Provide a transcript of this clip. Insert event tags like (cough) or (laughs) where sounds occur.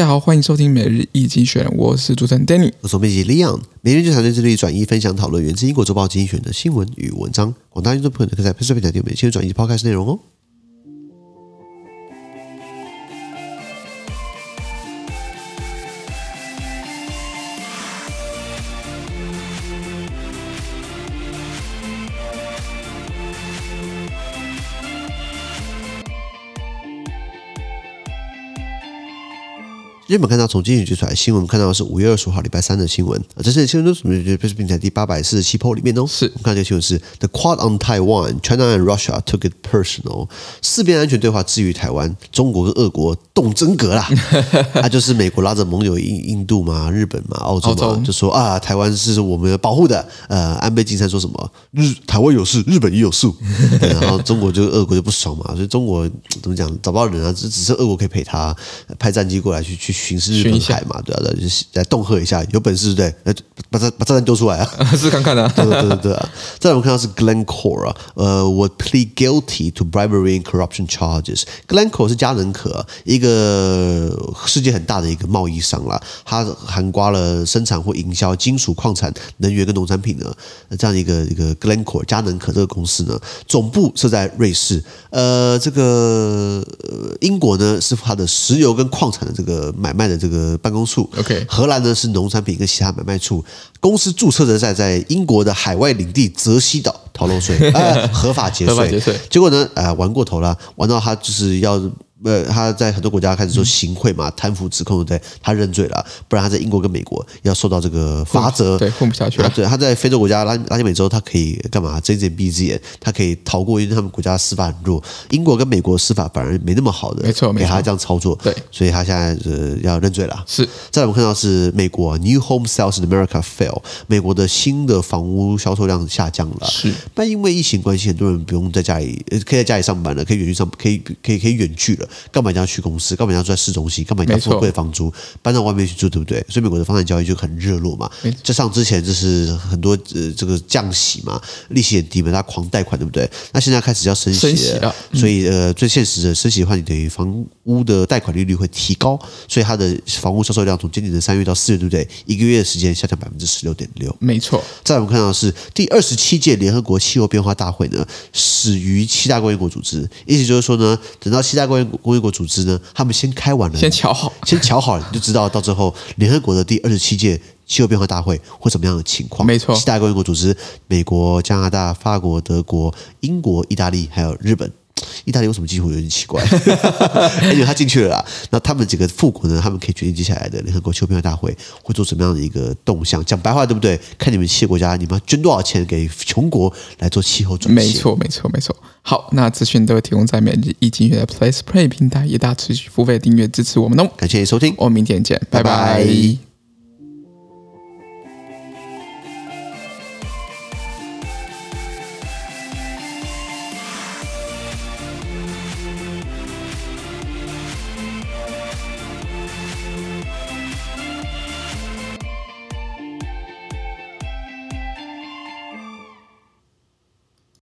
大家好，歡迎收聽每日一經濟學人，我是主持人 Danny，我是編輯 Leon。每日就產在這裡轉譯分享討論源自英國週報《經濟學人》的新聞與文章，廣大聽眾朋友可以在 PressPlay 平台訂閱，輕鬆轉譯 Podcast 內容哦。日本看到從今天就出來新聞，看到的是五月二十五號禮拜三的新聞。這些新聞都是什麼？就是平台第八百四十七 po 裡面哦。是，我們看這個新聞是 The Quad on Taiwan, China and Russia took it personal. 四邊安全對話至於台灣，中國跟俄國動真格啦。 (laughs) 他就是美國拉着盟友印印，印度嘛、日本嘛、澳洲嘛，洲就說啊，台灣是我們保護的。呃，安倍晉三說什麼？日台灣有事，日本也有事。 (laughs) 然後中國就俄國就不爽嘛，所以中國怎麼講？找不到人啊，就只剩俄國可以陪他派戰機過來去去。巡視日本海嘛，對不、啊、對,、啊對啊就是？來恫嚇一下，有本事對不對？把炸把炸彈丟出來啊、呃，試試看看啊！ (laughs) 對對對啊！對對對對對對對 (laughs) 再來我們看到是 Glencore，、啊、呃，我 plead guilty to bribery and corruption charges。Glencore 是嘉能可、啊，一個世界很大的一個貿易商了。它涵蓋了生產或營銷金屬、礦產、能源跟農產品的這樣一個一個 Glencore 嘉能可這個公司呢，總部設在瑞士。呃，這個英國呢是它的石油跟礦產的這個買。買賣的這個辦公處，OK，荷蘭呢是農產品跟其他買賣處，公司註冊的在在英國的海外領地澤西島逃漏稅、呃，合法節稅， (laughs) 稅，結果呢，啊、呃、玩過頭了，玩到他就是要。呃，他在很多國家開始說行賄嘛、貪、嗯、腐指控，對，他認罪了，不然他在英國跟美國要受到這個罰則，對，混不下去了，啊。對，他在非洲國家、拉拉丁美洲，他可以幹嘛睜一隻眼閉一隻眼，他可以逃過，因為他們國家司法很弱。英國跟美國司法反而沒那麼好的。沒錯，給他這樣操作，對，所以他現在呃要認罪了。是，再來我們看到是美國 new home sales in America fell 美國的新的房屋銷售量下降了。是，但因為疫情關係，很多人不用在家裡、呃，可以在家裡上班了，可以遠距上，可以可以可以遠距了。幹嘛家要去公司？幹嘛家要住在市中心？幹嘛家要付貴房租？搬到外面去住，對不對？所以美國的房產交易就很熱絡嘛。加上之前就是很多呃這個降息嘛，利息也低嘛，大家狂貸款，對不對？那現在開始要升、升息了，所以呃、嗯、最現實的升息的話，你等於房屋的貸款利率、率會提高，所以它的房屋銷售量從今年的三月到四月，對不對？一個月的時間下降百分之十六點六，沒錯。再我們看到的是第二十七屆聯合國氣候變化大會呢，始於七大工業國組織，意思就是說呢，等到七大工業國。工業國組織呢，他們先開完了，先瞧好，先瞧好了，你就知道到最後聯合國的第二十七屆氣候變化大會會怎麼樣的情況。沒錯，七大工業國組織：美國、加拿大、法國、德國、英國、意大利，還有日本。意大利有什麼機會？有點奇怪， (laughs) 因為他進去了啦。那他們幾個富國呢？他們可以決定接下來的聯合國氣候變化大會會做什麼樣的一個動向，講白話對不對？看你們七個國家，你們捐多少錢給窮國來做氣候準備。沒錯，沒錯，沒錯。好，那資訊都會提供在每日一經濟學人的 PressPlay 平台，也大持續付費訂閱支持我們哦。感謝收聽，我們明天見，拜拜。拜拜。